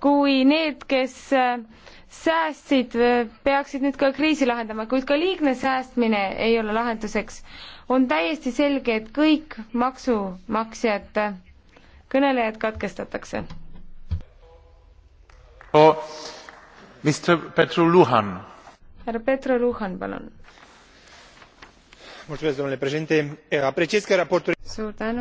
kui need, kes äh, säästsid, äh, peaksid nüüd ka kriisi lahendama, kuid ka liigne säästmine ei ole lahenduseks. on täiesti selge, et kõik maksumaksjad, äh, kõnelejad katkestatakse oh,. härra Petro Luhan, palun. suur tänu.